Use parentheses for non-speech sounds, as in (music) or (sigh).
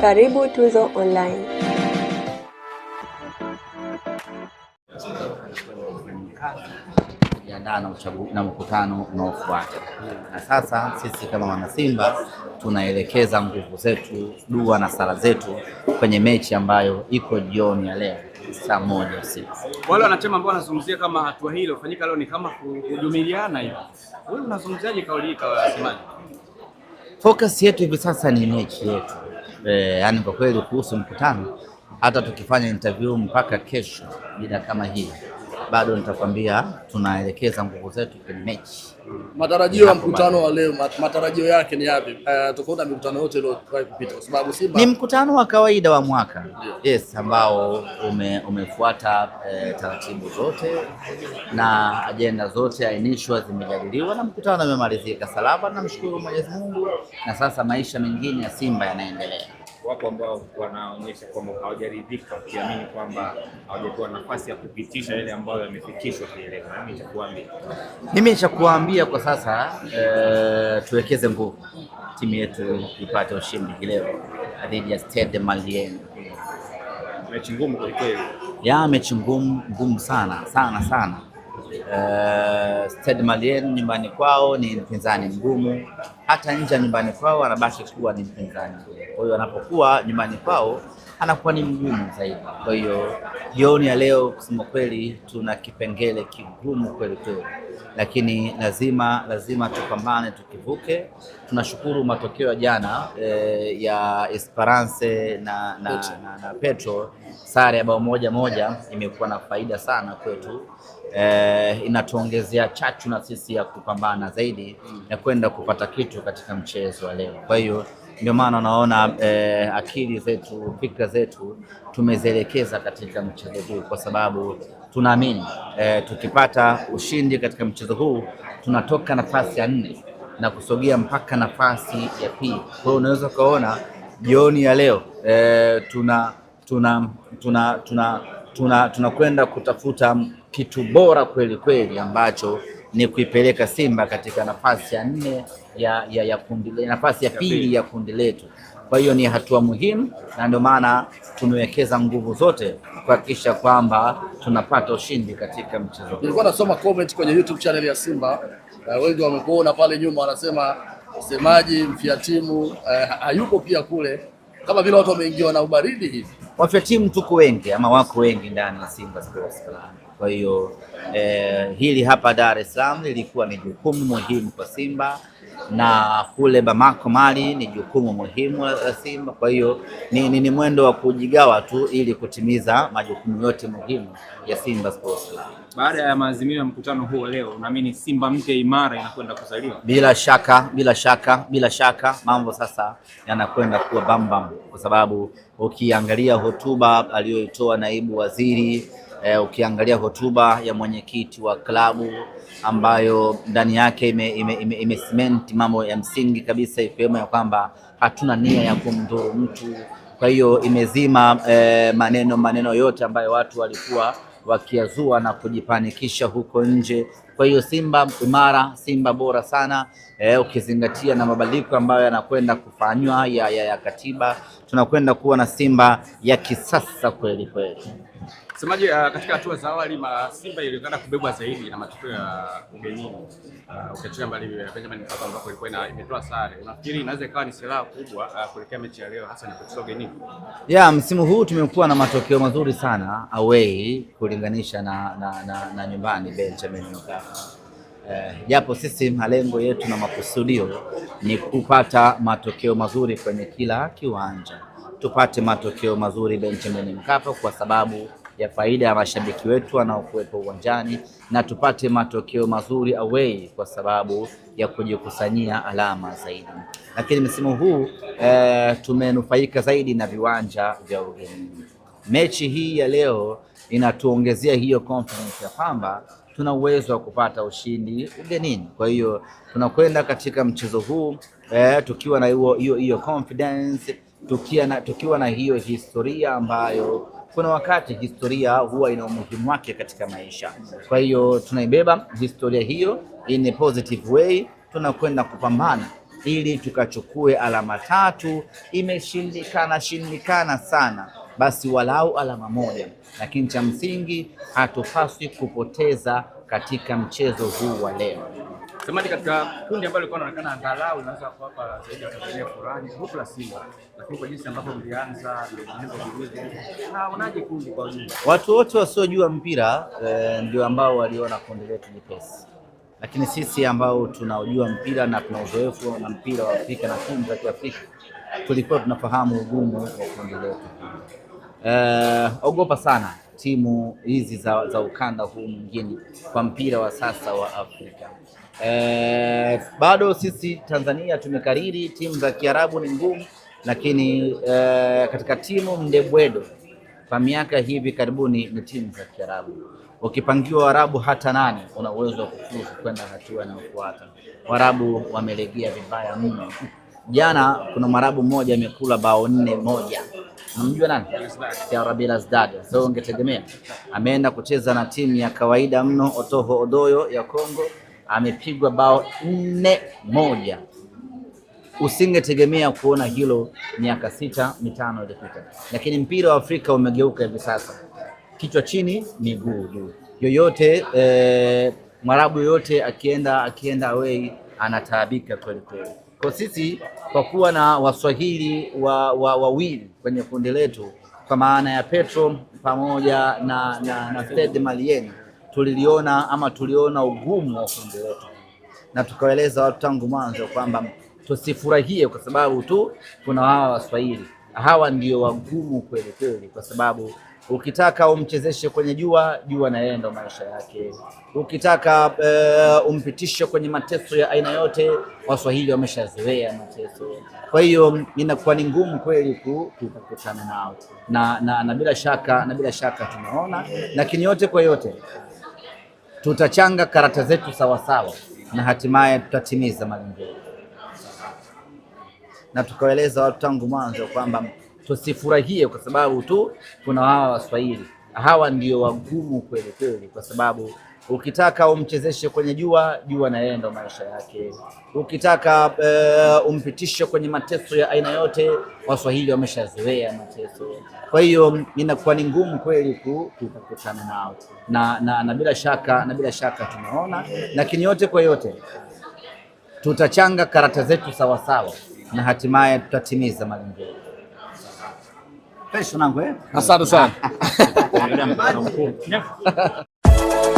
Karibu Tuzo Online. uchabu, na mkutano unaofuata, na sasa sisi kama wanasimba tunaelekeza nguvu zetu, dua na sala zetu kwenye mechi ambayo iko jioni ya leo saa moja usiku. Wale wanachama ambao wanazungumzia kama hatua hii iliyofanyika leo ni kama kujumiliana hivi, wewe unazungumziaje kauli hii kwa wasemaji? Focus yetu hivi sasa ni mechi yetu eh, yani kwa kweli kuhusu mkutano, hata tukifanya interview mpaka kesho bila kama hii bado nitakwambia tunaelekeza nguvu zetu kwenye mechi. Matarajio ya mkutano wa leo, matarajio yake ni yapi? Uh, eh, tofauti na mikutano yote iliyowahi kupita, kwa sababu Simba ni mkutano wa kawaida wa mwaka Yes, ambao ume, umefuata eh, taratibu zote na ajenda zote ainishwa, zimejadiliwa na mkutano umemalizika salama, namshukuru Mwenyezi Mungu, na sasa maisha mengine ya Simba yanaendelea wapo ambao wanaonyesha kwamba hawajaridhika wakiamini kwamba hawajapewa nafasi ya kupitisha yale ambayo yamefikishwa kieleweka. Nami nitakuambia mimi nishakuambia kwa sasa e, tuwekeze nguvu timu yetu ipate ushindi leo dhidi ya Stade Malien. Mechi ngumu kwelikweli, ya mechi ngumu ngumu sana sana sana Uh, eh, Stade Malien nyumbani kwao ni mpinzani mgumu, hata nje ya nyumbani kwao anabaki kuwa ni mpinzani. Kwa hiyo anapokuwa nyumbani kwao anakuwa ni mgumu zaidi. Kwa hiyo jioni ya leo, kusema kweli, tuna kipengele kigumu kweli kweli, lakini lazima lazima tupambane tukivuke. Tunashukuru matokeo ya jana eh, ya Esperance na, na, na, na Petro, sare ya bao moja moja imekuwa na faida sana kwetu eh, inatuongezea chachu na sisi ya kupambana zaidi ya na kwenda kupata kitu katika mchezo wa leo. Kwa hiyo ndio maana unaona eh, akili zetu, fikra zetu tumezielekeza katika mchezo huu kwa sababu tunaamini eh, tukipata ushindi katika mchezo huu tunatoka nafasi ya nne na kusogea mpaka nafasi ya pili. Kwa hiyo unaweza ukaona jioni ya leo eh, tuna tuna tuna tuna tunakwenda tuna kutafuta kitu bora kweli kweli ambacho ni kuipeleka Simba katika nafasi ya nne ya, ya, ya kundi, nafasi ya pili ya kundi letu. Kwa hiyo ni hatua muhimu, na ndio maana tumewekeza nguvu zote kuhakikisha kwamba tunapata ushindi katika mchezo. Nilikuwa nasoma comment kwenye YouTube channel ya Simba, uh, wengi wamekuona pale nyuma, wanasema msemaji mfia timu uh, hayupo pia kule kama vile watu wameingiwa na ubaridi hivi. Wafya timu tuko wengi ama wako wengi ndani ya Simba Sports Club. Kwa hiyo eh, hili hapa Dar es Salaam lilikuwa ni jukumu muhimu kwa Simba na kule Bamako Mali ni jukumu muhimu la Simba. Kwa hiyo ni, ni, ni mwendo wa kujigawa tu ili kutimiza majukumu yote muhimu ya Simba Sports Club. Baada ya maazimio ya mkutano huo leo, unaamini Simba mpya imara inakwenda kuzaliwa? Bila shaka, bila shaka, bila shaka, mambo sasa yanakwenda kuwa bambam, kwa sababu ukiangalia hotuba aliyoitoa naibu waziri e, ukiangalia hotuba ya mwenyekiti wa klabu ambayo ndani yake imesimenti ime, ime, ime mambo ya msingi kabisa ikiwemo ya kwamba hatuna nia ya kumdhuru mtu. Kwa hiyo imezima e, maneno maneno yote ambayo watu walikuwa wakiazua na kujipanikisha huko nje. Kwa hiyo Simba imara, Simba bora sana e, ukizingatia na mabadiliko ambayo yanakwenda kufanywa ya, ya, ya katiba tunakwenda kuwa na Simba ya kisasa kweli kweli. Msemaji, uh, katika hatua za awali Simba ilionekana kubebwa zaidi na matokeo ya ugenini, uh, ukiachia mbali uh, Benjamin Mkapa ambapo ilikuwa imetoa sare. Unafikiri inaweza ikawa ni silaha kubwa uh, kuelekea mechi ya leo hasa ni kucheza ugenini? Yeah, msimu huu tumekuwa na matokeo mazuri sana away kulinganisha na, na, na, na nyumbani Benjamin Mkapa Eh, japo eh, sisi malengo yetu na makusudio ni kupata matokeo mazuri kwenye kila kiwanja, tupate matokeo mazuri Benjamin Mkapa kwa sababu ya faida ya mashabiki wetu wanaokuwepo uwanjani na tupate matokeo mazuri away kwa sababu ya kujikusanyia alama zaidi. Lakini msimu huu eh, tumenufaika zaidi na viwanja vya ugenini. Mechi hii ya leo inatuongezea hiyo confidence ya kwamba tuna uwezo wa kupata ushindi ugenini. Kwa hiyo tunakwenda katika mchezo huu eh, tukiwa na hiyo hiyo confidence, tukiwa na, tukiwa na hiyo historia ambayo kuna wakati historia huwa ina umuhimu wake katika maisha. Kwa hiyo tunaibeba historia hiyo in a positive way, tunakwenda kupambana ili tukachukue alama tatu. Imeshindikana shindikana sana basi walau alama moja, lakini cha msingi hatupaswi kupoteza katika mchezo huu wa leo. Samadi katika kundi ambalo lilikuwa linaonekana angalau inaweza kuwapa zaidi ya Tanzania furani huku la Simba, lakini kwa jinsi ambavyo mlianza na unaje kundi kwa ujumla, watu wote wasiojua mpira e, ndio ambao waliona kundi letu ni pesi, lakini sisi ambao tunaojua mpira na tuna uzoefu na mpira wa Afrika na timu za Kiafrika tulikuwa tunafahamu ugumu wa kundi letu. Uh, ogopa sana timu hizi za, za ukanda huu mwingine kwa mpira wa sasa wa Afrika. Uh, bado sisi Tanzania tumekariri timu za Kiarabu ni ngumu, lakini uh, katika timu mdebwedo kwa miaka hivi karibuni ni timu za Kiarabu. Ukipangiwa Waarabu hata nani, una uwezo wa kufuzu kwenda hatua inayofuata. Waarabu wamelegea vibaya mno. Jana kuna mwarabu mmoja amekula bao nne moja Unamjua nani? Rabi Lazdad. So ungetegemea ameenda kucheza na timu ya kawaida mno Otoho Odoyo ya Kongo, amepigwa bao nne moja. Usingetegemea kuona hilo miaka sita mitano iliyopita, lakini mpira wa Afrika umegeuka hivi sasa, kichwa chini, miguu juu. Yoyote eh, mwarabu yoyote akienda akienda away anataabika kweli kweli. Kwa sisi kwa kuwa na waswahili wawili wa, kwenye kundi letu kwa maana ya Petro pamoja na, na, na Fred Malieni tuliliona ama tuliona ugumu wa kundi letu, na tukaeleza watu tangu mwanzo kwamba tusifurahie kwa sababu tu kuna hawa waswahili hawa ndio wagumu kweli kweli, kwa sababu ukitaka umchezeshe kwenye jua jua na yeye ndo maisha yake, ukitaka uh, umpitishe kwenye mateso ya aina yote, waswahili wameshazoea mateso. Kwa hiyo inakuwa ni ngumu kweli kukutana nao na, na, na bila shaka na bila shaka tunaona, lakini yote kwa yote tutachanga karata zetu sawasawa na hatimaye tutatimiza malengo na tukawaeleza watu tangu mwanzo kwamba tusifurahie kwa sababu tu kuna hawa Waswahili. Hawa ndio wagumu kweli kweli, kwa sababu ukitaka umchezeshe kwenye jua, jua na yeye ndo maisha yake. Ukitaka uh, umpitishe kwenye mateso ya aina yote, Waswahili wameshazoea mateso. Kwa hiyo inakuwa ni ngumu kweli kukutana nao na, na, na bila shaka na bila shaka tunaona, lakini yote kwa yote tutachanga karata zetu sawasawa sawa na hatimaye tutatimiza malengo yetu. Pesho nangu eh? Asante sana. (laughs) (laughs)